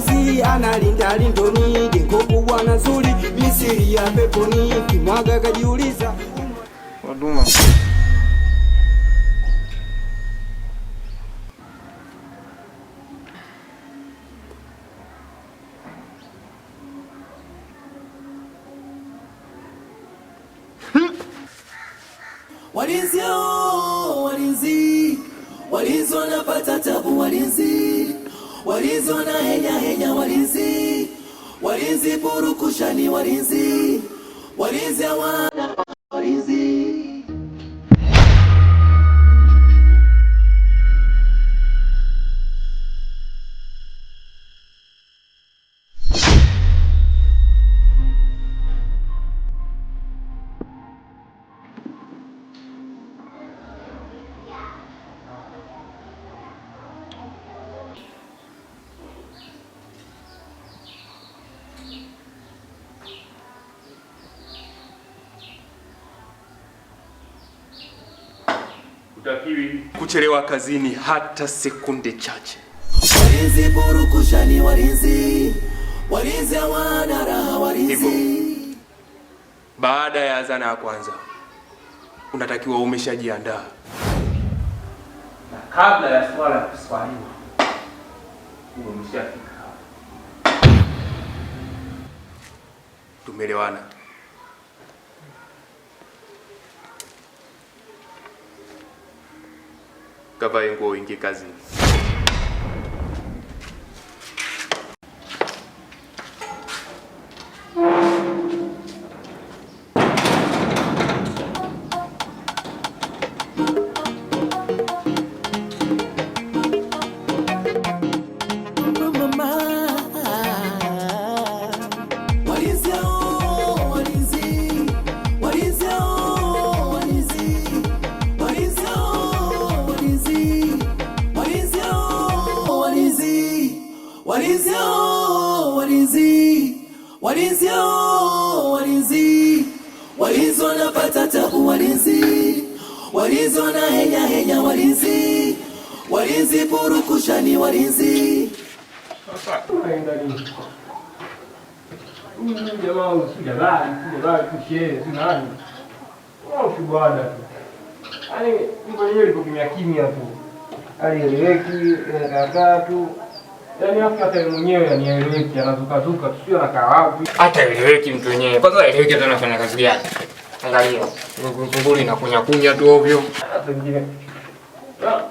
kazi analinda lindoni, jengo kubwa na zuri, misiri ya peponi, kimwaga kajiuliza Waduma. Walinzi, oh, walinzi, walinzi wanapata tabu walinzi walinzi wana henya, walinzi walinzi, purukushani walinzi walinzi hawana hutakiwi kuchelewa kazini hata sekunde chache. Walinzi burukushani, walinzi walinzi, hawana raha walinzi. Baada ya azana ya kwanza unatakiwa umeshajiandaa, na kabla ya swala ya kuswaliwa umeshafika. Tumeelewana? Kavae nguo uingie kazini. walinzi oh, walinzi walinzi oh, walinzi walinzi wanapata tabu walinzi walinzi wanahenya henya walinzi walinzi purukushani walinzi ushibada oh, tu yaani mtu mwenyewe liko kimya kimya tu, halieleweki, inakaakaa eh, tu Yaani hata yeye mwenyewe anieleweki, anazuka zuka, sio anakaa wapi. Hata eleweki mtu wenyewe. Kwanza eleweki hata anafanya kazi gani? Angalia. Ngunguli na kunya kunya tu ovyo. Hata nyingine. Bwana.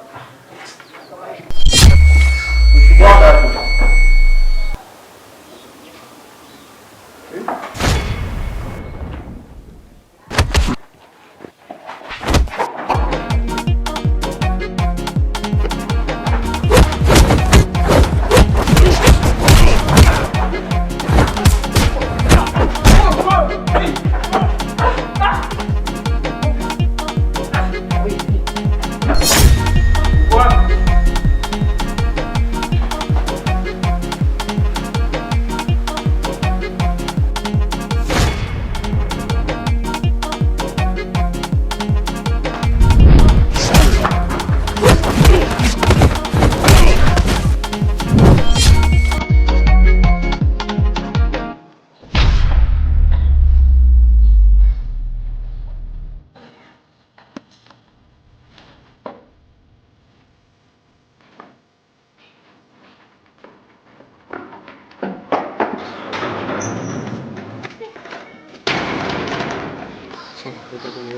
这个给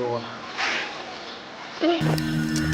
我。